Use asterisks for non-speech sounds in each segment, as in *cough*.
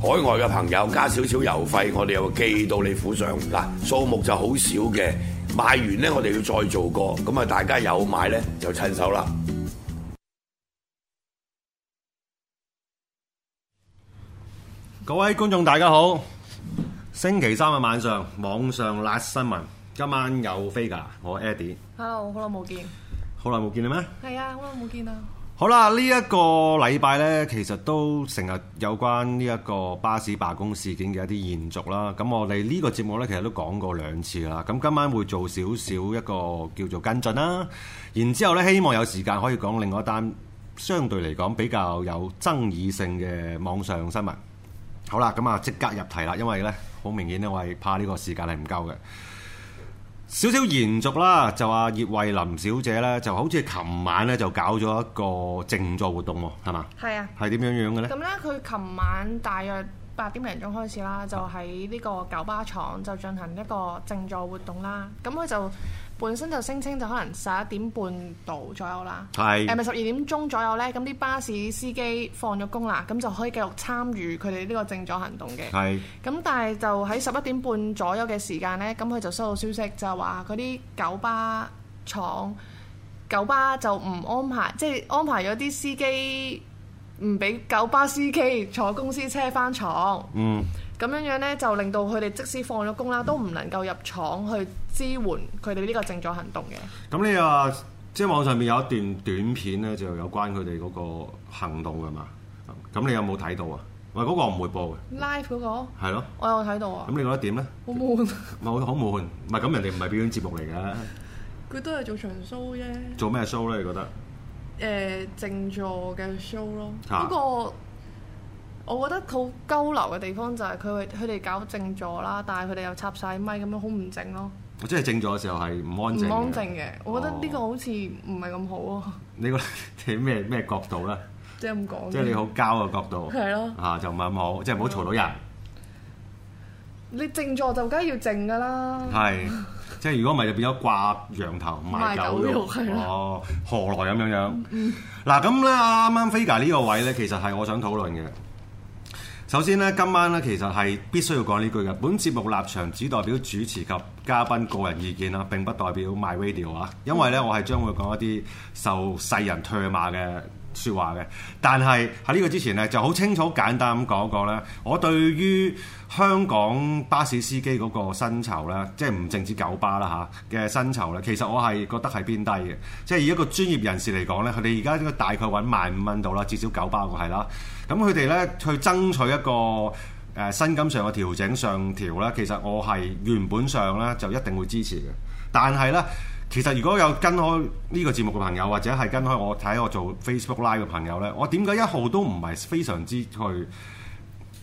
海外嘅朋友加少少郵費，我哋又寄到你府上。嗱，數目就好少嘅，賣完咧我哋要再做過，咁啊大家有買咧就趁手啦。各位觀眾大家好，星期三嘅晚上網上辣新聞，今晚有 Vega，我 Addie。Hello，好耐冇見。好耐冇見你咩？係啊，好耐冇見啊。好啦，呢一個禮拜呢，其實都成日有關呢一個巴士罷工事件嘅一啲延續啦。咁我哋呢個節目呢，其實都講過兩次啦。咁今晚會做少少一個叫做跟進啦。然之後呢，希望有時間可以講另外一單相對嚟講比較有爭議性嘅網上新聞。好啦，咁啊即刻入題啦，因為呢，好明顯呢，我係怕呢個時間係唔夠嘅。少少延續啦，就阿葉慧林小姐咧，就好似琴晚咧就搞咗一個靜坐活動喎，係嘛？係啊。係點樣樣嘅咧？咁咧，佢琴晚大約八點零鐘開始啦，就喺呢個九巴廠就進行一個靜坐活動啦。咁佢就。本身就聲稱就可能十一點半到左右啦，係咪十二點鐘左右呢？咁啲巴士司機放咗工啦，咁就可以繼續參與佢哋呢個靜坐行動嘅，係咁是但係就喺十一點半左右嘅時間呢，咁佢就收到消息就係話嗰啲九巴廠九巴就唔安排，即、就、係、是、安排咗啲司機。唔俾九巴司機坐公司車翻廠，咁、嗯、樣樣咧就令到佢哋即使放咗工啦，都唔能夠入廠去支援佢哋呢個靜坐行動嘅。咁、嗯、你啊，即係網上面有一段短片咧，就有關佢哋嗰個行動嘅嘛。咁你有冇睇到啊？喂，係嗰個我唔會播嘅。Live 嗰、那個係咯，的我有睇到啊。咁你覺得點咧？好悶。咪好冇悶，唔係咁人哋唔係表演節目嚟嘅。佢 *laughs* 都係做長 show 啫。做咩 show 咧？你覺得？誒、呃、靜坐嘅 show 咯，不過我覺得好鳩流嘅地方就係佢佢哋搞靜坐啦，但係佢哋又插晒咪，咁樣，好唔、哦、靜咯。我即係靜坐嘅時候係唔安靜嘅。唔安靜嘅，哦、我覺得呢個好似唔係咁好啊。你覺得咩咩角度呢？即係咁講。即係你好交嘅角度。係咯。啊，就唔係咁好，即係唔好嘈到人。你靜坐就梗係要靜㗎啦。係。即係如果唔係就變咗掛羊頭賣狗肉，肉哦，何來咁樣樣？嗱咁咧，啱啱 figure 呢個位咧，其實係我想討論嘅。首先咧，今晚咧其實係必須要講呢句嘅。本節目立場只代表主持及嘉賓個人意見啦，並不代表 My Radio 啊。因為咧，嗯、我係將會講一啲受世人唾罵嘅。説話嘅，但係喺呢個之前呢，就好清楚簡單咁講過呢：我對於香港巴士司機嗰個薪酬呢，即係唔淨止九巴啦嚇嘅薪酬呢，其實我係覺得係偏低嘅，即係以一個專業人士嚟講呢，佢哋而家應該大概揾萬五蚊度啦，至少九巴個係啦，咁佢哋呢，去爭取一個誒薪、呃、金上嘅調整上調呢，其實我係原本上呢就一定會支持嘅，但係呢。其實如果有跟開呢個節目嘅朋友，或者係跟開我睇我做 Facebook Live 嘅朋友呢，我點解一號都唔係非常之去、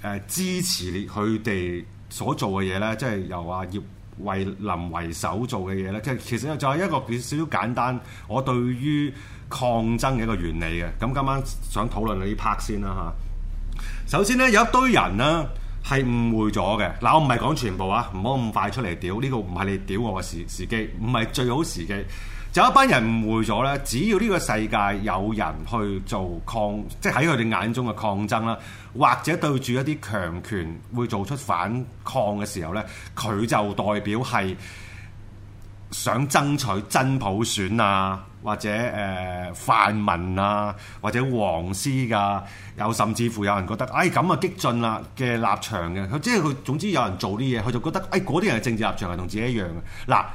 呃、支持佢哋所做嘅嘢呢？即係由阿、啊、葉慧琳為首做嘅嘢呢，即係其實就係一個少少簡單，我對於抗爭嘅一個原理嘅。咁今晚想討論你啲 part 先啦嚇。首先呢，有一堆人啦、啊。係誤會咗嘅嗱，我唔係講全部啊，唔好咁快出嚟屌呢個，唔係你屌我嘅時時機，唔係最好時機。就一班人誤會咗呢，只要呢個世界有人去做抗，即係喺佢哋眼中嘅抗爭啦，或者對住一啲強權會做出反抗嘅時候呢，佢就代表係想爭取真普選啊！或者誒、呃、泛民啊，或者黃絲噶、啊，又甚至乎有人覺得，哎咁啊激進啦嘅立場嘅、啊，佢即係佢總之有人做啲嘢，佢就覺得，哎嗰啲人嘅政治立場係同自己一樣嘅。嗱，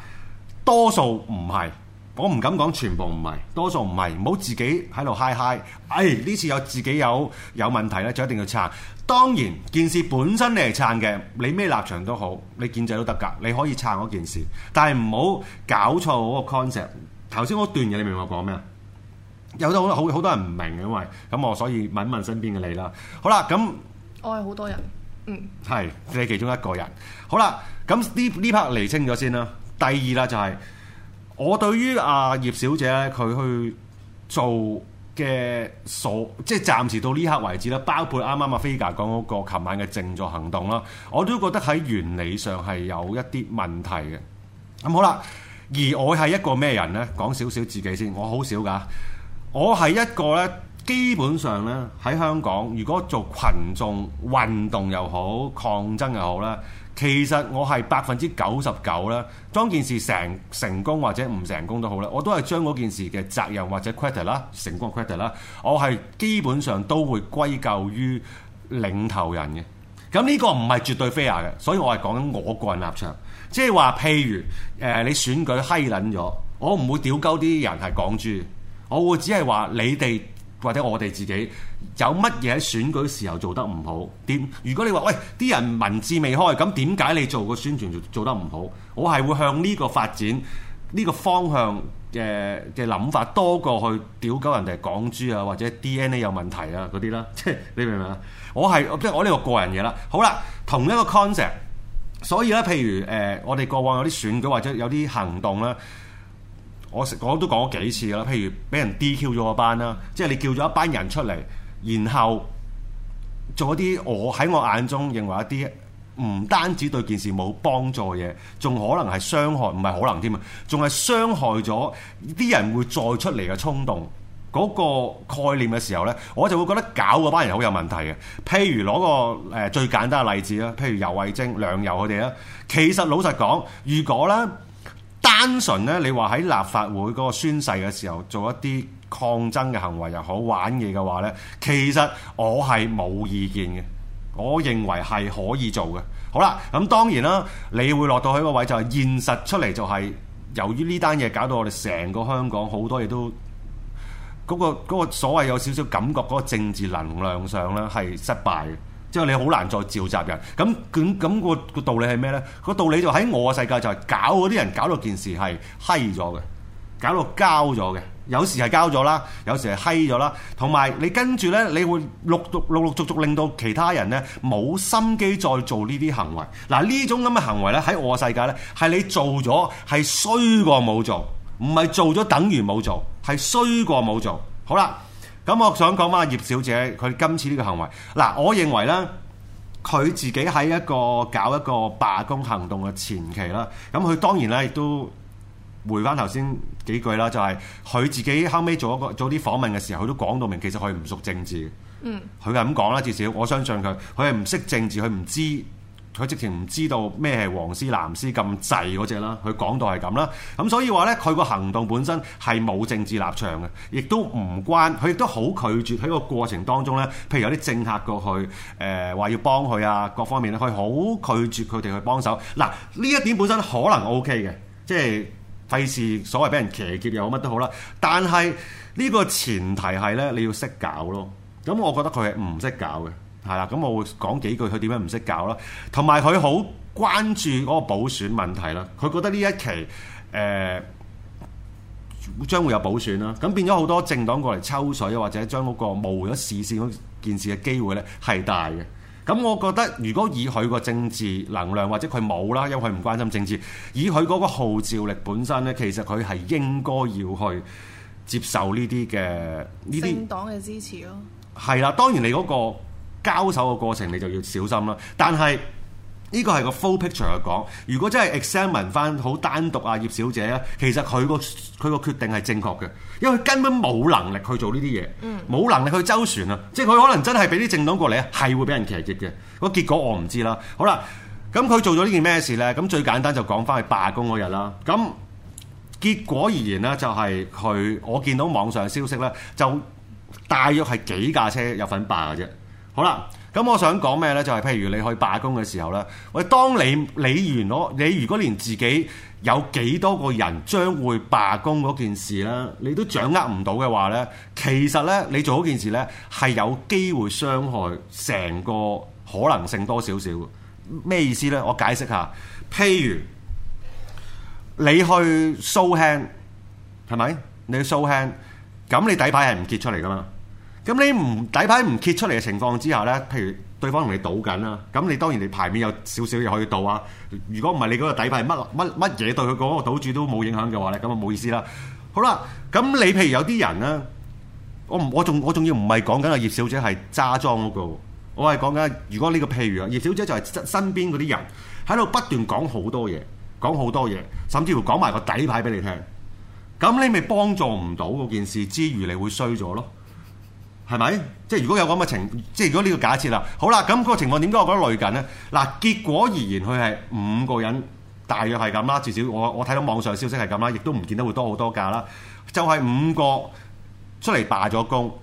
多數唔係，我唔敢講全部唔係，多數唔係，唔好自己喺度嗨嗨，哎，呢次有自己有有問題咧，就一定要撐，當然，件事本身你係撐嘅，你咩立場都好，你建制都得㗎，你可以撐嗰件事，但係唔好搞錯嗰個 concept。頭先嗰段嘢，你明我講咩啊？有好多好好多人唔明嘅，因為咁我所以問問身邊嘅你啦。好啦，咁我係好多人，嗯，係你其中一個人。好啦，咁呢呢 part 釐清咗先啦。第二啦，就是，就係我對於啊葉小姐咧，佢去做嘅所，即係暫時到呢刻為止啦，包括啱啱阿 Vega 講嗰個琴晚嘅靜坐行動啦，我都覺得喺原理上係有一啲問題嘅。咁好啦。而我係一個咩人呢？講少少自己先，我好少噶。我係一個呢，基本上呢，喺香港，如果做群眾運動又好，抗爭又好啦，其實我係百分之九十九啦。當件事成成功或者唔成功都好啦，我都係將嗰件事嘅責任或者 credit 啦，成功 credit 啦，我係基本上都會歸咎於領頭人嘅。咁呢個唔係絕對 fair 嘅，所以我係講緊我個人立場。即係話，譬如誒、呃，你選舉閪撚咗，我唔會屌鳩啲人係港豬，我會只係話你哋或者我哋自己有乜嘢喺選舉時候做得唔好點？如果你話喂，啲人文字未開，咁點解你做個宣傳做，做得唔好？我係會向呢個發展呢、呢個方向嘅嘅諗法多過去屌鳩人哋係港豬啊，或者 DNA 有問題啊嗰啲啦，即 *laughs* 係你明唔明啊？我係即係我呢個個人嘢啦。好啦，同一個 concept。所以咧，譬如誒、呃，我哋過往有啲選舉或者有啲行動啦，我講都講咗幾次啦。譬如俾人 DQ 咗一班啦，即係你叫咗一班人出嚟，然後做一啲我喺我眼中認為一啲唔單止對件事冇幫助嘅嘢，仲可能係傷害，唔係可能添啊，仲係傷害咗啲人會再出嚟嘅衝動。嗰個概念嘅時候呢，我就會覺得搞嗰班人好有問題嘅。譬如攞個誒、呃、最簡單嘅例子啦，譬如游蕙禎、梁游。佢哋啦，其實老實講，如果呢單純呢，你話喺立法會嗰個宣誓嘅時候做一啲抗爭嘅行為又好玩嘢嘅話呢，其實我係冇意見嘅，我認為係可以做嘅。好啦，咁當然啦，你會落到去個位就係現實出嚟、就係，就係由於呢單嘢搞到我哋成個香港好多嘢都。嗰個嗰個所謂有少少感覺，嗰個政治能量上咧係失敗嘅，即係你好難再召集人。咁咁咁個道理係咩呢？個道理就喺我世界就係搞嗰啲人搞到件事係閪咗嘅，搞到交咗嘅。有時係交咗啦，有時係閪咗啦。同埋你跟住呢，你會陸陸陸陸續續令到其他人呢冇心機再做呢啲行為。嗱呢種咁嘅行為呢，喺我世界呢，係你做咗係衰過冇做。唔係做咗等於冇做，係衰過冇做。好啦，咁我想講翻阿葉小姐，佢今次呢個行為，嗱，我認為呢，佢自己喺一個搞一個罷工行動嘅前期啦，咁佢當然咧亦都回翻頭先幾句啦，就係、是、佢自己後尾做一個做啲訪問嘅時候，佢都講到明，其實佢唔熟政治。嗯，佢係咁講啦，至少我相信佢，佢係唔識政治，佢唔知。佢直情唔知道咩係黃絲藍絲咁滯嗰隻啦，佢講到係咁啦，咁所以話呢，佢個行動本身係冇政治立場嘅，亦都唔關佢亦都好拒絕喺個過程當中呢，譬如有啲政客過去誒話、呃、要幫佢啊，各方面呢，佢好拒絕佢哋去幫手。嗱，呢一點本身可能 O K 嘅，即係費事所謂俾人騎劫又好乜都好啦。但係呢個前提係呢，你要識搞咯。咁我覺得佢係唔識搞嘅。係啦，咁我會講幾句佢點樣唔識搞啦，同埋佢好關注嗰個補選問題啦。佢覺得呢一期誒、呃、將會有補選啦，咁變咗好多政黨過嚟抽水啊，或者將嗰個冇咗視線嗰件事嘅機會咧係大嘅。咁我覺得如果以佢個政治能量或者佢冇啦，因為佢唔關心政治，以佢嗰個號召力本身咧，其實佢係應該要去接受呢啲嘅呢啲政黨嘅支持咯、哦。係啦，當然你嗰、那個。交手嘅過程你就要小心啦，但係呢個係個 full picture 去講，如果真係 examine 翻好單獨阿葉小姐咧，其實佢個佢個決定係正確嘅，因為佢根本冇能力去做呢啲嘢，冇、嗯、能力去周旋啊！即係佢可能真係俾啲政黨過嚟咧，係會俾人騎劫嘅。個結果我唔知啦。好啦，咁佢做咗呢件咩事呢？咁最簡單就講翻去罷工嗰日啦。咁結果而言呢，就係佢我見到網上消息呢，就大約係幾架車有份罷嘅啫。好啦，咁我想講咩呢？就係、是、譬如你去罷工嘅時候呢，喂，當你理完我，你如果連自己有幾多個人將會罷工嗰件事呢，你都掌握唔到嘅話呢，其實呢，你做嗰件事呢係有機會傷害成個可能性多少少嘅。咩意思呢？我解釋下，譬如你去 show hand，係咪？你去 show hand，咁你底牌係唔揭出嚟噶嘛？咁你唔底牌唔揭出嚟嘅情況之下呢，譬如對方同你賭緊啦，咁你當然你牌面有少少嘢可以賭啊。如果唔係你嗰個底牌乜乜乜嘢對佢嗰個賭注都冇影響嘅話呢，咁啊冇意思啦。好啦，咁你譬如有啲人呢，我我仲我仲要唔係講緊阿葉小姐係揸莊嗰個，我係講緊如果呢個譬如啊，葉小姐就係身身邊嗰啲人喺度不斷講好多嘢，講好多嘢，甚至乎講埋個底牌俾你聽。咁你咪幫助唔到嗰件事之餘，你會衰咗咯。係咪？即係如果有咁嘅情，即係如果呢個假設啦，好啦，咁個情況點解我覺得累緊呢？嗱，結果而言，佢係五個人，大約係咁啦。至少我我睇到網上消息係咁啦，亦都唔見得會多好多架啦。就係、是、五個出嚟罷咗工，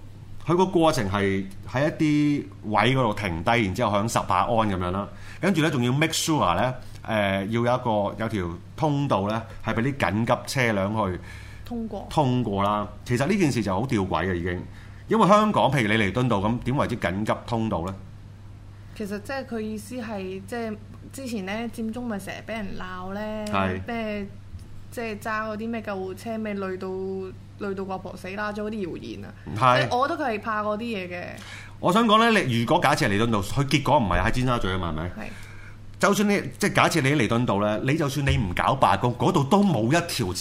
佢個過程係喺一啲位嗰度停低，然之後響十八安咁樣啦。跟住呢，仲要 make sure 咧，誒、呃、要有一個有一條通道呢，係俾啲緊急車輛去通過通過啦。通過其實呢件事就好吊詭嘅、啊、已經。因為香港譬如你彌敦道咁，點為之緊急通道咧？其實即係佢意思係即係之前咧，佔中咪成日俾人鬧咧，咩即係揸嗰啲咩救護車咩累到累到阿婆死啦，仲有啲謠言啊！即係我覺得佢係怕嗰啲嘢嘅。我想講咧，你如果假設係彌敦道，佢結果唔係喺尖沙咀啊嘛，係咪？係。就算你即係假設你喺彌敦道咧，你就算你唔搞罷工，嗰度都冇一條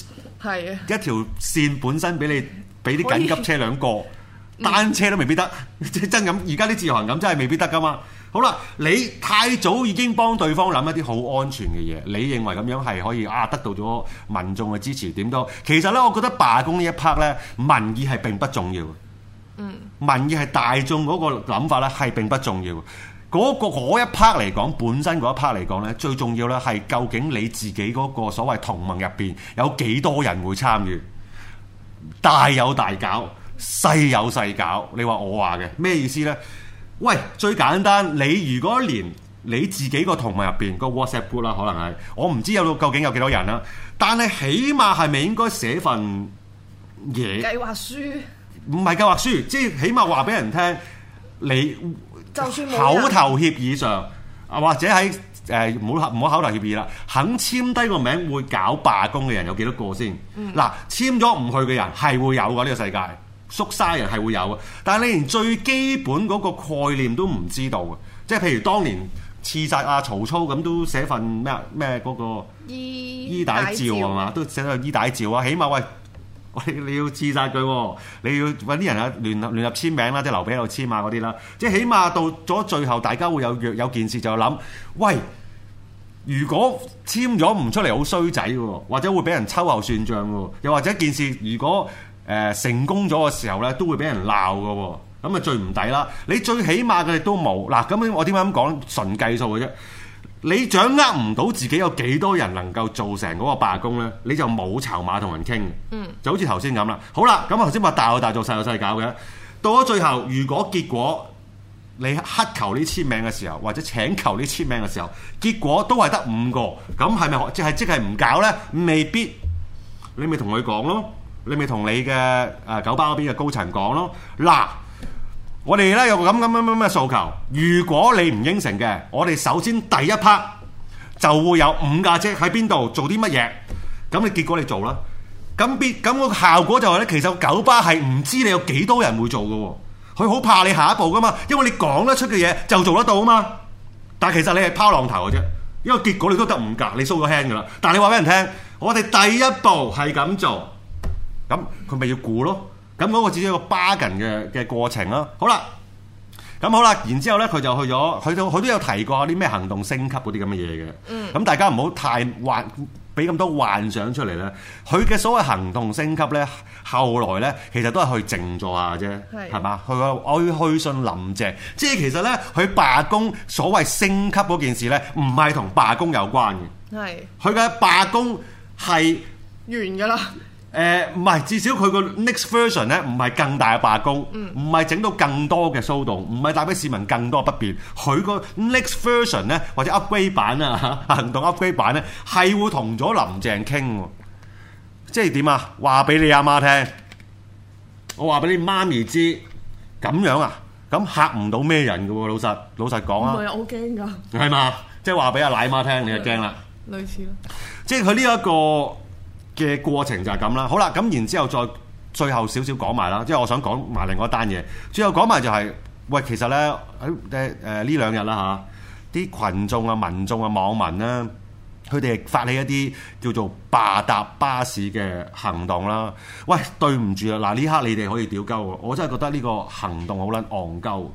係一條線本身俾你俾啲緊急車輛過。單車都未必得，即真咁。而家啲自由行咁，真係未必得噶嘛。好啦，你太早已經幫對方諗一啲好安全嘅嘢，你認為咁樣係可以啊得到咗民眾嘅支持點都。其實呢，我覺得罷工呢一 part 呢，民意係並不重要。嗯，民意係大眾嗰個諗法呢，係並不重要。嗰、嗰個嗰一 part 嚟講，本身嗰一 part 嚟講呢，最重要呢係究竟你自己嗰個所謂同盟入邊有幾多人會參與？大有大搞。細有細搞，你話我話嘅咩意思呢？喂，最簡單，你如果連你自己個同盟入邊個 WhatsApp group 啦，可能係我唔知到有究竟有幾多人啦，但係起碼係咪應該寫份嘢，計劃書？唔係計劃書，即係起碼話俾人聽，你就算口頭協議上，或者喺誒唔好唔好口頭協議啦，肯簽低個名會搞罷工嘅人有幾多個先？嗱、嗯，簽咗唔去嘅人係會有噶呢，這個世界。縮沙人係會有嘅，但係你連最基本嗰個概念都唔知道嘅，即係譬如當年刺殺阿曹操咁，都寫份咩咩嗰個衣衣伊 帶詔係嘛？都寫咗個衣帶詔啊！起碼喂，喂你要刺殺佢，你要揾啲人啊，聯合聯合簽名啦，即劉備喺度簽啊嗰啲啦，即係起碼到咗最後，大家會有有件事就諗，喂，如果簽咗唔出嚟，好衰仔喎，或者會俾人秋後算賬喎，又或者件事如果，如果誒、呃、成功咗嘅時候咧，都會俾人鬧嘅喎，咁啊最唔抵啦！你最起碼佢哋都冇嗱，咁、啊、我點解咁講？純計數嘅啫，你掌握唔到自己有幾多人能夠做成嗰個罷工咧，你就冇籌碼同人傾。嗯，就好似頭先咁啦。好啦，咁頭先話大有大大做，細有細搞嘅。到咗最後，如果結果你乞求呢簽名嘅時候，或者請求呢簽名嘅時候，結果都係得五個，咁係咪即係即係唔搞咧？未必，你咪同佢講咯。你咪同你嘅誒九巴嗰邊嘅高層講咯。嗱，我哋咧有咁咁咁咁嘅訴求。如果你唔應承嘅，我哋首先第一 part 就會有五架車喺邊度做啲乜嘢。咁你結果你做啦。咁變咁個效果就係咧，其實九巴係唔知你有幾多人會做嘅喎。佢好怕你下一步噶嘛，因為你講得出嘅嘢就做得到啊嘛。但係其實你係拋浪頭嘅啫，因為結果你都得五架，你 show 咗 hand 嘅啦。但係你話俾人聽，我哋第一步係咁做。咁佢咪要估咯？咁、那、嗰個只係一個 bargain 嘅嘅過程咯、啊。好啦，咁好啦，然之後咧，佢就去咗，佢都佢都有提過啲咩行動升級嗰啲咁嘅嘢嘅。嗯。咁大家唔好太幻，俾咁多幻想出嚟咧。佢嘅所謂行動升級咧，後來咧其實都係去靜坐下啫。係係。係嘛？佢去去信林鄭，即係其實咧，佢罷工所謂升級嗰件事咧，唔係同罷工有關嘅。係。佢嘅罷工係完㗎啦。誒，唔係，欸，至少佢個 next version 咧，唔係更大嘅罷工，唔係整到更多嘅騷動，唔係帶俾市民更多嘅不便。佢個 next version 咧，或者 upgrade 版啊，行動 upgrade 版咧，係會同咗林鄭傾，即係點啊？話俾你阿媽聽，我話俾你媽咪知，咁樣啊，咁吓唔到咩人噶喎？老實老實講啊，唔係，我好驚噶，係嘛？即係話俾阿奶媽聽，你就驚啦，類似咯，即係佢呢一個。嘅過程就係咁啦，好啦，咁然之後再最後少少講埋啦，即係我想講埋另外一單嘢。最後講埋就係、是，喂，其實咧喺誒呢兩日啦嚇，啲、呃呃啊、群眾啊、民眾啊，啊、網民呢、啊，佢哋係發起一啲叫做霸搭巴士嘅行動啦、啊。喂，對唔住啊，嗱呢刻你哋可以屌鳩我，我真係覺得呢個行動好撚戇鳩。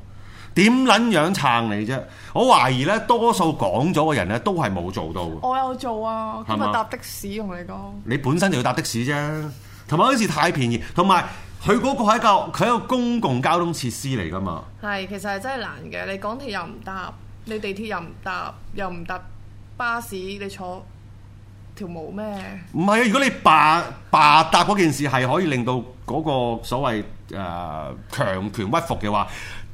點撚樣撐你啫？我懷疑咧，多數講咗嘅人咧，都係冇做到。我有做啊，吧今日搭的士同你講。你本身就要搭的士啫，同埋嗰陣時太便宜，同埋佢嗰個係個佢係一個公共交通設施嚟㗎嘛。係，其實係真係難嘅。你港鐵又唔搭，你地鐵又唔搭，又唔搭巴士，你坐條毛咩？唔係啊！如果你罷罷搭嗰件事係可以令到嗰個所謂誒、呃、強權屈服嘅話，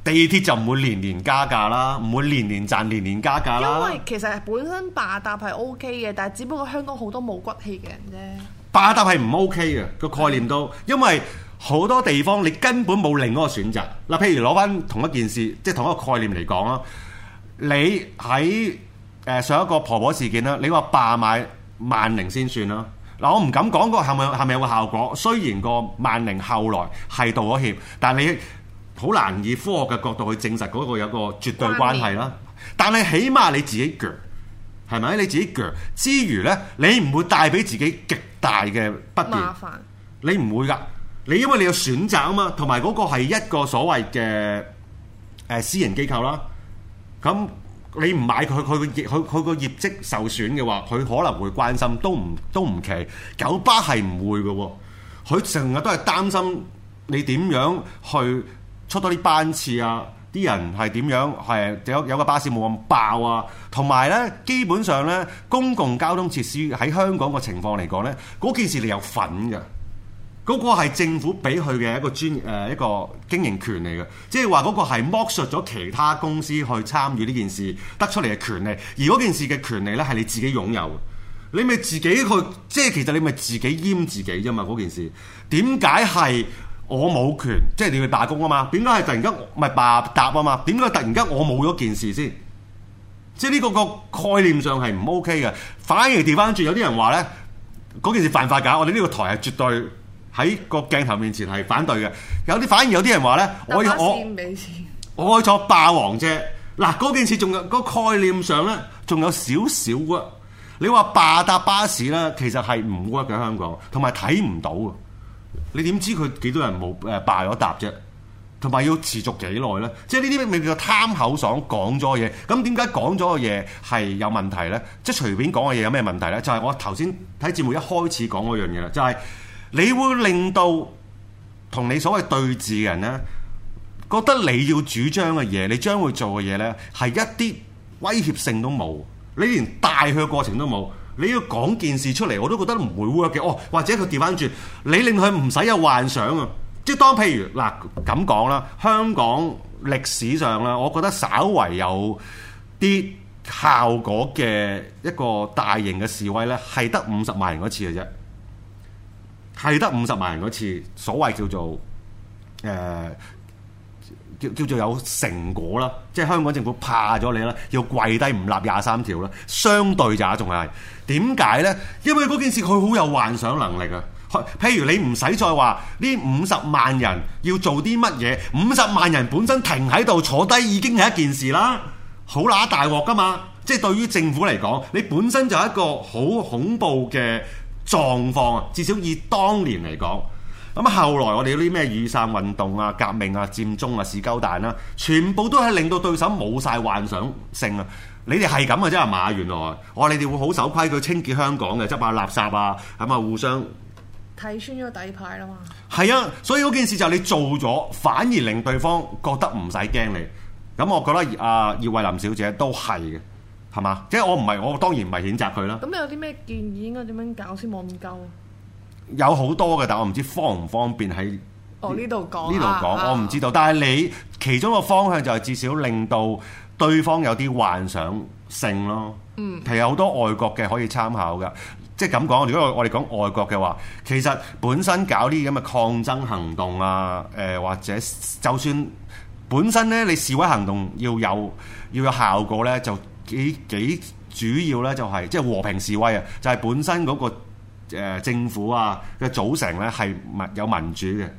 地鐵就唔會年年加價啦，唔會年年賺年年加價啦。因為其實本身罷搭係 O K 嘅，但係只不過香港好多冇骨氣嘅人啫。罷搭係唔 O K 嘅個概念都，因為好多地方你根本冇另一個選擇。嗱，譬如攞翻同一件事，即係同一個概念嚟講啦，你喺誒、呃、上一個婆婆事件啦，你話罷買。萬寧先算啦，嗱我唔敢講個係咪係咪有個效果。雖然個萬寧後來係道咗歉，但係你好難以科學嘅角度去證實嗰個有個絕對關係啦。鍵但係起碼你自己強，係咪？你自己強之餘呢，你唔會帶俾自己極大嘅不便。煩你唔會㗎，你因為你有選擇啊嘛，同埋嗰個係一個所謂嘅誒、呃、私人機構啦，咁。你唔買佢，佢佢佢個業績受損嘅話，佢可能會關心，都唔都唔奇。九巴係唔會㗎喎，佢成日都係擔心你點樣去出多啲班次啊，啲人係點樣係有有個巴士冇咁爆啊，同埋呢，基本上呢，公共交通設施喺香港個情況嚟講呢，嗰件事你有份㗎。嗰個係政府俾佢嘅一個專誒一個經營權嚟嘅，即係話嗰個係剝削咗其他公司去參與呢件事得出嚟嘅權利，而嗰件事嘅權利呢，係你自己擁有你咪自己去，即係其實你咪自己閹自己啫嘛嗰件事，點解係我冇權？即係你去罷工啊嘛？點解係突然間唔係罷答啊嘛？點解突然間我冇咗件事先、啊？即係呢、個、個概念上係唔 OK 嘅，反而調翻轉有啲人話呢，嗰件事犯法㗎，我哋呢個台係絕對。喺個鏡頭面前係反對嘅，有啲反而有啲人話咧，我我我做霸王啫。嗱，嗰件事仲有個概念上咧，仲有少少喎。你話霸搭巴士咧，其實係唔 work 嘅香港，同埋睇唔到。你點知佢幾多人冇誒霸咗搭啫？同埋要持續幾耐咧？即係呢啲咪叫做貪口爽講咗嘢？咁點解講咗嘅嘢係有問題咧？即係隨便講嘅嘢有咩問題咧？就係我頭先睇節目一開始講嗰樣嘢啦，就係。你會令到同你所謂對峙嘅人呢，覺得你要主張嘅嘢，你將會做嘅嘢呢，係一啲威脅性都冇，你連帶去嘅過程都冇。你要講件事出嚟，我都覺得唔會 work 嘅。哦，或者佢調翻轉，你令佢唔使有幻想啊！即係當譬如嗱咁講啦，香港歷史上啦，我覺得稍為有啲效果嘅一個大型嘅示威呢，係得五十萬人嗰次嘅啫。係得五十萬人嗰次，所謂叫做誒、呃、叫叫做有成果啦，即係香港政府怕咗你啦，要跪低唔立廿三條啦，相對就仲係點解呢？因為嗰件事佢好有幻想能力啊！譬如你唔使再話呢五十萬人要做啲乜嘢，五十萬人本身停喺度坐低已經係一件事啦，好拿大鑊噶嘛！即係對於政府嚟講，你本身就係一個好恐怖嘅。狀況啊，至少以當年嚟講，咁啊後來我哋嗰啲咩雨傘運動啊、革命啊、佔中啊、市鳩彈啦、啊，全部都係令到對手冇晒幻想性啊！你哋係咁嘅啫嘛，原來我哋哋會好守規矩，清潔香港嘅，執下垃圾啊，咁啊互相睇穿咗底牌啦嘛。係啊，所以嗰件事就係你做咗，反而令對方覺得唔使驚你。咁我覺得阿葉、啊、慧林小姐都係嘅。係嘛？即係我唔係，我當然唔係譴責佢啦。咁你有啲咩建議應該點樣搞先冇咁鳩？有好多嘅，但我唔知方唔方便喺哦呢度講。呢度講，我唔知道。但係你其中個方向就係至少令到對方有啲幻想性咯。嗯，譬如有好多外國嘅可以參考嘅。即係咁講，如果我哋講外國嘅話，其實本身搞啲咁嘅抗爭行動啊，誒、呃、或者就算本身咧，你示威行動要有要有效果咧，就幾幾主要咧就係即係和平示威啊！就係本身嗰個呃政府啊嘅組成咧係有民主嘅，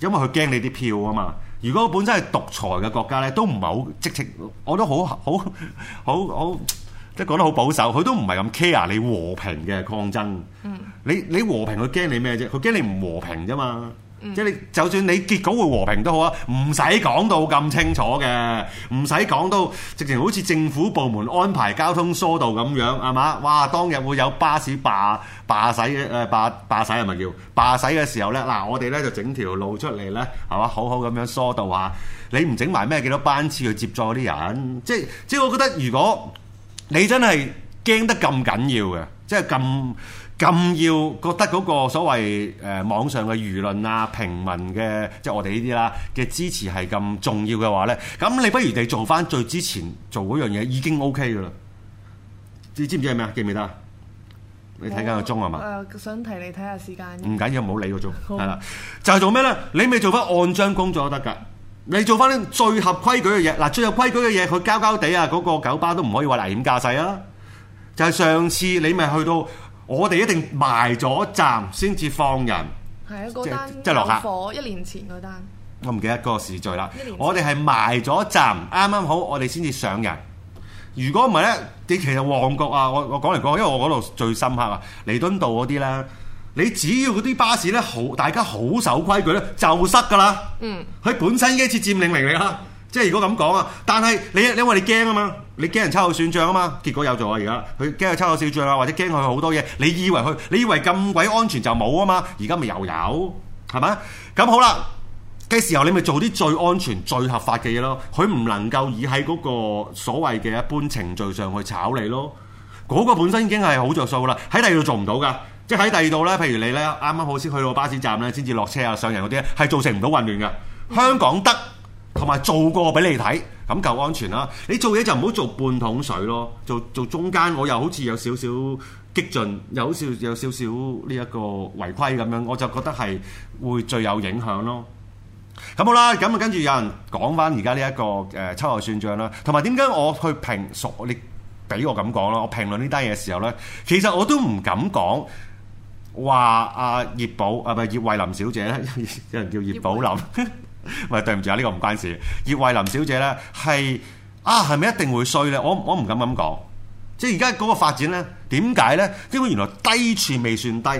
因為佢驚你啲票啊嘛。如果本身係獨裁嘅國家咧，都唔係好即係我都好好好好即係講得好保守，佢都唔係咁 care 你和平嘅抗爭。嗯，你你和平佢驚你咩啫？佢驚你唔和平啫嘛。即係就算你結果會和平都好啊，唔使講到咁清楚嘅，唔使講到直情好似政府部門安排交通疏導咁樣，係嘛？哇！當日會有巴士罷罷駛嘅罷罷駛係咪叫罷駛嘅時候、啊、呢，嗱，我哋呢就整條路出嚟呢，係嘛？好好咁樣疏導下，你唔整埋咩幾多班次去接載嗰啲人？即係即係，我覺得如果你真係驚得咁緊要嘅。即係咁咁要覺得嗰個所謂誒網上嘅輿論啊，平民嘅即係我哋呢啲啦嘅支持係咁重要嘅話咧，咁你不如你做翻最之前做嗰樣嘢已經 OK 嘅啦。你知唔知係咩？記唔記得？你睇緊個鐘係嘛？誒，想提你睇下時間。唔緊要，唔好理個鐘。係啦，就係做咩咧？你未做翻按章工作都得㗎？你做翻啲最合規矩嘅嘢。嗱，最合規矩嘅嘢，佢交交地啊，嗰個九巴都唔可以話危險駕駛啊。就係上次你咪去到，我哋一定埋咗站先至放人。係啊，嗰單即係火一年前嗰單。我唔記得嗰個時序啦。我哋係埋咗站，啱啱好我哋先至上人。如果唔係咧，你其實旺角啊，我我講嚟講，因為我嗰度最深刻啊，彌敦道嗰啲咧，你只要嗰啲巴士咧好，大家好守規矩咧，就塞噶啦。嗯。佢本身呢一次佔領嚟噶，即係如果咁講啊。但係你因為你驚啊嘛。你驚人抄手損賬啊嘛，結果有做咗而家，佢驚佢抄手少賬啊，或者驚佢好多嘢。你以為佢，你以為咁鬼安全就冇啊嘛？而家咪又有，係咪？咁好啦，嘅時候你咪做啲最安全、最合法嘅嘢咯。佢唔能夠以喺嗰個所謂嘅一般程序上去炒你咯。嗰個本身已經係好着數啦。喺第二度做唔到噶，即喺第二度咧，譬如你咧啱啱好先去到巴士站咧，先至落車啊、上人嗰啲咧，係造成唔到混亂㗎。香港得同埋做過俾你睇。咁夠安全啦！你做嘢就唔好做半桶水咯，做做中間，我又好似有少少激進，又好似有少少呢一個違規咁樣，我就覺得係會最有影響咯。咁好啦，咁啊跟住有人講翻而家呢一個誒秋後算賬啦，同埋點解我去評述你俾我咁講啦？我評論呢單嘢嘅時候呢，其實我都唔敢講話阿葉寶啊，唔係葉慧林小姐，有人叫葉寶林。 *laughs* 咪對唔住啊，呢個唔關事。葉慧林小姐呢，係啊，係咪一定會衰呢？我我唔敢咁講。即係而家嗰個發展呢，點解呢？因為原來低處未算低。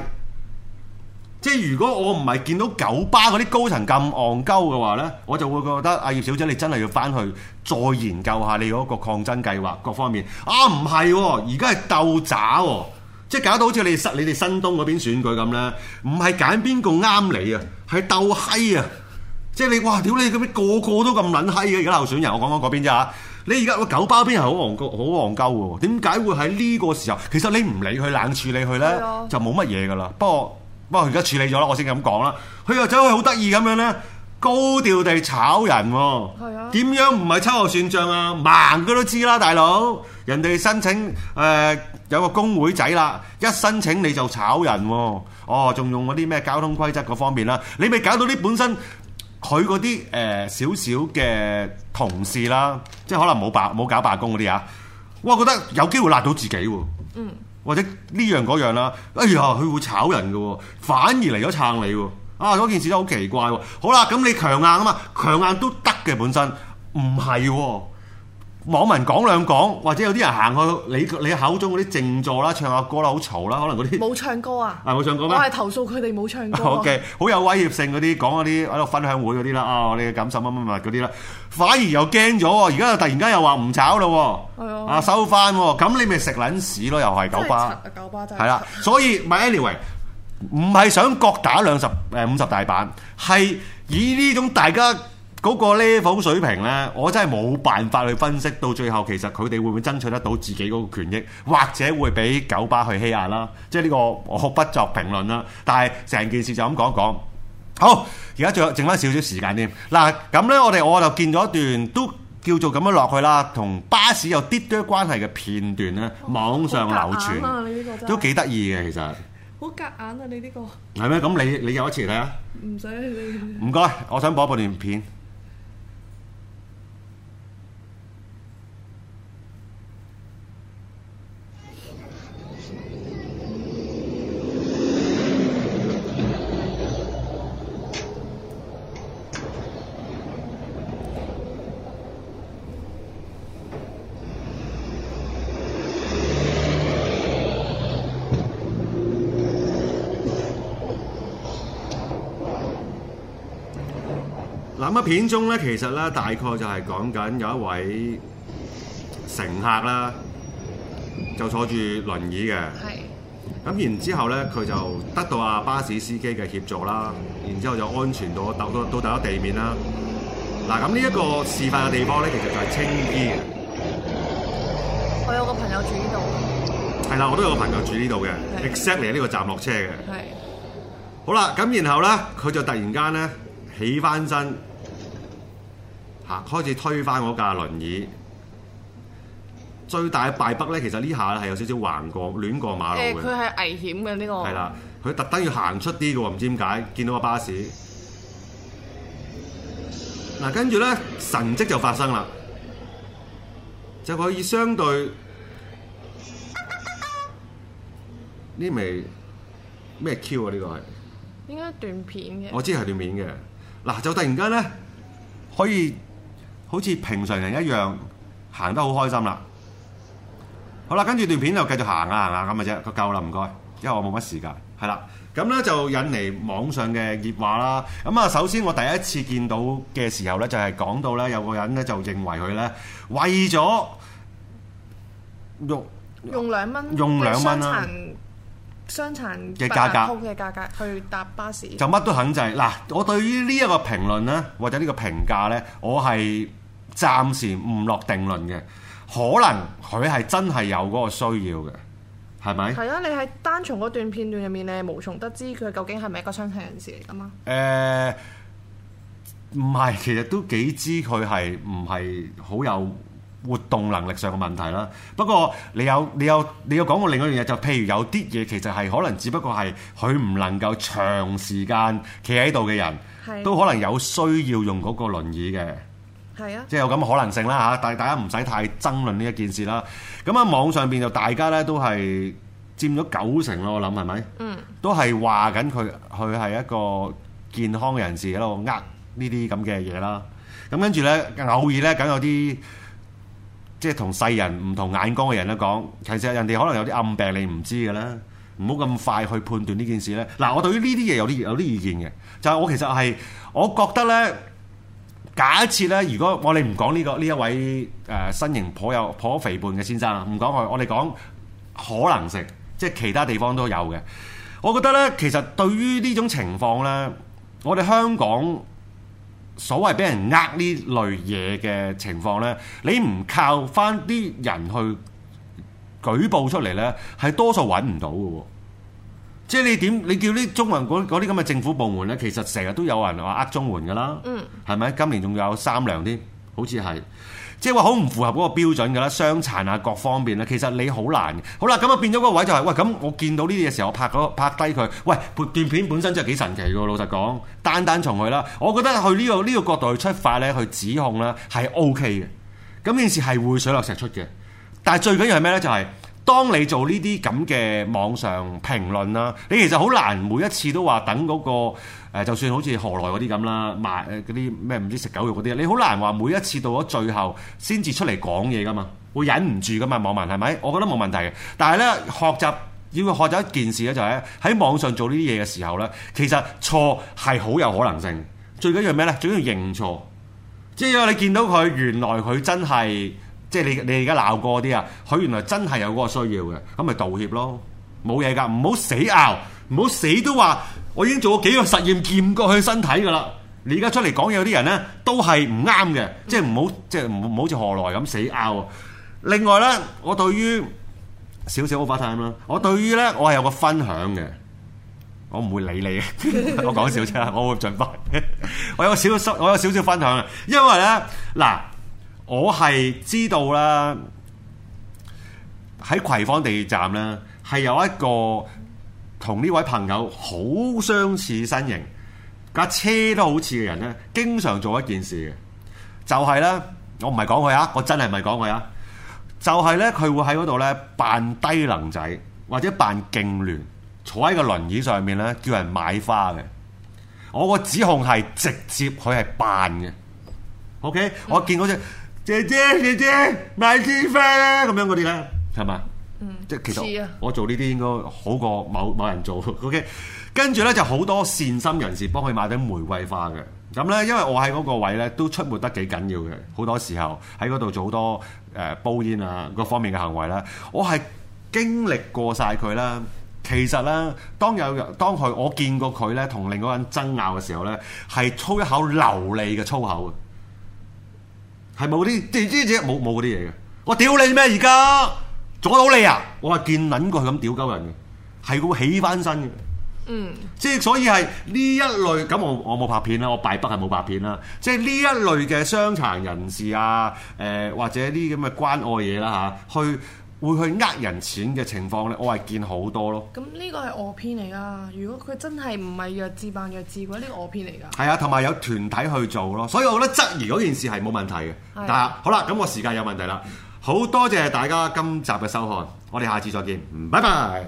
即係如果我唔係見到九巴嗰啲高層咁戇鳩嘅話呢，我就會覺得啊葉小姐，你真係要翻去再研究下你嗰個抗爭計劃各方面。啊，唔係啊，而家係鬥渣，即係搞到好似你新你哋新東嗰邊選舉咁呢，唔係揀邊個啱你鬥啊，係鬥閪啊！即係你哇！屌你咁樣個個都咁撚閪嘅，而家候選人。我講講嗰邊啫嚇。你而家個狗包邊係好戇好戇鳩嘅喎。點解會喺呢個時候？其實你唔理佢冷處理佢咧，的就冇乜嘢㗎啦。不過不過而家處理咗啦，我先咁講啦。佢又走去好得意咁樣咧，高調地炒人喎。啊的。點樣唔係秋後算賬啊？盲佢都知啦，大佬。人哋申請誒、呃、有個工會仔啦，一申請你就炒人喎。哦，仲用嗰啲咩交通規則嗰方面啦。你咪搞到啲本身。佢嗰啲誒少少嘅同事啦，即係可能冇罷冇搞罷工嗰啲啊，我覺得有機會辣到自己喎。嗯，或者呢樣嗰樣啦，哎呀，佢會炒人嘅、啊，反而嚟咗撐你喎、啊。啊，嗰件事都好奇怪喎、啊。好啦，咁你強硬啊嘛，強硬都得嘅本身，唔係喎。網民講兩講，或者有啲人行去你你口中嗰啲靜坐啦、唱下歌啦、好嘈啦，可能嗰啲冇唱歌啊，係冇唱歌咩？我係投訴佢哋冇唱歌、啊。好嘅，好有威脅性嗰啲，講嗰啲喺度分享會嗰啲啦，啊、哦，我哋嘅感受乜乜物嗰啲啦，反而又驚咗喎，而家又突然間又話唔炒啦，的啊收翻喎，咁你咪食撚屎咯，又係九巴。九巴就係啦，所以咪 *laughs* anyway，唔係想各打兩十誒五十大板，係以呢種大家。嗰個 level 水平咧，我真係冇辦法去分析。到最後其實佢哋會唔會爭取得到自己嗰個權益，或者會俾九巴去欺壓啦？即係呢個我不作評論啦。但係成件事就咁講一講。好，而家最後剩翻少少時間添嗱。咁咧，我哋我就見咗一段都叫做咁樣落去啦，同巴士有啲啲關係嘅片段咧，網上流傳、哦啊、你呢個都幾得意嘅，其實好夾硬啊！你呢、呢個係咩？咁你你有一次嚟睇啊？唔使你唔該，我想播一,一段片。咁片中咧，其實咧大概就係講緊有一位乘客啦，就坐住輪椅嘅。係是。咁然之後咧，佢就得到啊巴士司機嘅協助啦，然之後就安全到到到到咗地面啦。嗱、啊，咁呢一個示範嘅地方咧，其實就係青衣嘅。我有個朋友住呢度。係啦，我都有個朋友住呢度嘅，exactly 喺呢個站落車嘅。係是。好啦，咁然後咧，佢就突然間咧起翻身。吓！開始推翻我架輪椅，最大嘅敗筆咧，其實呢下係有少少橫過、亂過馬路嘅。佢係、呃、危險嘅呢、呢個。係啦，佢特登要行出啲嘅喎，唔知點解見到個巴士。嗱、啊，跟住咧神跡就發生啦，就可以相對呢味咩 Q 啊？呢、呃呢個係應該斷片嘅。我知係斷片嘅。嗱、啊，就突然間咧可以。好似平常人一樣行得好開心啦，好啦，跟住段片就繼續行啊行啊咁啊啫，就夠啦唔該，因為我冇乜時間，係啦，咁咧就引嚟網上嘅熱話啦。咁啊，首先我第一次見到嘅時候咧，就係講到咧有個人咧就認為佢咧為咗用用兩蚊用兩蚊啦，傷殘嘅價格嘅價格去搭巴士，就乜都肯制嗱。我對於呢一個評論咧，或者呢個評價咧，我係，暫時唔落定論嘅，可能佢係真係有嗰個需要嘅，係咪？係啊，你喺單從嗰段片段入面咧，無從得知佢究竟係咪一個傷殘人士嚟噶嘛？誒、呃，唔係，其實都幾知佢係唔係好有活動能力上嘅問題啦。不過你有你有你有講過另一樣嘢，就譬如有啲嘢其實係可能只不過係佢唔能夠長時間企喺度嘅人，係啊，都可能有需要用嗰個輪椅嘅。係啊，即係有咁嘅可能性啦嚇，但係大家唔使太爭論呢一件事啦。咁啊，網上邊就大家咧都係佔咗九成咯，我諗係咪？嗯都，都係話緊佢，佢係一個健康嘅人士喺度呃呢啲咁嘅嘢啦。咁跟住咧，偶爾咧，梗有啲即係同世人唔同眼光嘅人咧講，其實人哋可能有啲暗病你，你唔知嘅啦。唔好咁快去判斷呢件事咧。嗱，我對於呢啲嘢有啲有啲意見嘅，就係、是、我其實係，我覺得咧。假設咧，如果我哋唔講呢個呢一位誒身形頗有頗肥胖嘅先生啊，唔講佢，我哋講可能性，即係其他地方都有嘅。我覺得咧，其實對於呢種情況咧，我哋香港所謂俾人呃呢類嘢嘅情況咧，你唔靠返啲人去舉報出嚟咧，係多數揾唔到嘅。即係你點？你叫啲中文嗰啲咁嘅政府部門咧，其實成日都有人話呃綜援噶啦，係咪、嗯？今年仲有三糧添，好似係，即係話好唔符合嗰個標準噶啦，傷殘啊各方面咧，其實你好難。好啦，咁啊變咗個位就係、是、喂，咁我見到呢啲嘢時候，我拍拍低佢。喂，段片本身真係幾神奇嘅，老實講，單單從佢啦，我覺得去呢、這個呢、這個角度去出發咧，去指控咧係 O K 嘅。咁件事係會水落石出嘅，但係最緊要係咩咧？就係、是。當你做呢啲咁嘅網上評論啦，你其實好難每一次都話等嗰個、呃、就算好似何來嗰啲咁啦，埋嗰啲咩唔知食狗肉嗰啲，你好難話每一次到咗最後先至出嚟講嘢噶嘛，會忍唔住噶嘛，網民係咪？我覺得冇問題嘅，但係呢，學習要學習一件事呢、就係，就係喺網上做呢啲嘢嘅時候呢，其實錯係好有可能性。最緊要咩呢？最緊要認錯，即係你見到佢原來佢真係。即係你你而家鬧過啲啊，佢原來真係有嗰個需要嘅，咁咪道歉咯，冇嘢噶，唔好死拗，唔好死都話我已經做過幾個實驗見過佢身體噶啦。你而家出嚟講嘢有啲人咧，都係唔啱嘅，即係唔好即係唔好唔好似何來咁死拗。另外咧，我對於少少 over time 啦，我對於咧，我係有個分享嘅，我唔會理你，我講笑啫，我會盡快，我有少少我有少少分享嘅，因為咧嗱。我係知道啦，喺葵芳地鐵站咧，係有一個同呢位朋友好相似身形架車都好似嘅人咧，經常做一件事嘅，就係、是、咧，我唔係講佢啊，我真係唔係講佢啊，就係咧，佢會喺嗰度咧扮低能仔或者扮痙攣，坐喺個輪椅上面咧叫人買花嘅。我個指控係直接佢係扮嘅。O、okay? K，、mm hmm. 我見嗰隻。姐姐姐姐買鮮花啦，咁、啊、樣嗰啲啦，係嘛？嗯，即係其實我，的我做呢啲應該好過某某人做。O、okay? K，跟住咧就好多善心人士幫佢買啲玫瑰花嘅。咁咧，因為我喺嗰個位咧都出沒得幾緊要嘅，好多時候喺嗰度做好多誒、呃、煲煙啊各方面嘅行為啦。我係經歷過晒佢啦。其實咧，當有當佢我見過佢咧同另嗰人爭拗嘅時候咧，係粗一口流利嘅粗口係冇啲，即係呢啲冇冇嗰啲嘢嘅。我屌你咩？而家阻到你啊！我話見捻過佢咁屌鳩人嘅，係佢會起返身嘅。嗯，即係所以係呢一類咁我我冇拍片啦，我敗筆係冇拍片啦。即係呢一類嘅傷殘人士啊，誒或者啲咁嘅關愛嘢啦嚇，去。會去呃人錢嘅情況咧，我係見好多咯。咁呢個係惡編嚟㗎。如果佢真係唔係弱智，扮弱智嘅話，呢個惡編嚟噶。係啊，同埋有團體去做咯。所以我覺得質疑嗰件事係冇問題嘅。係的。但係，好啦，咁我時間有問題啦。好多謝大家今集嘅收看，我哋下次再見，拜拜。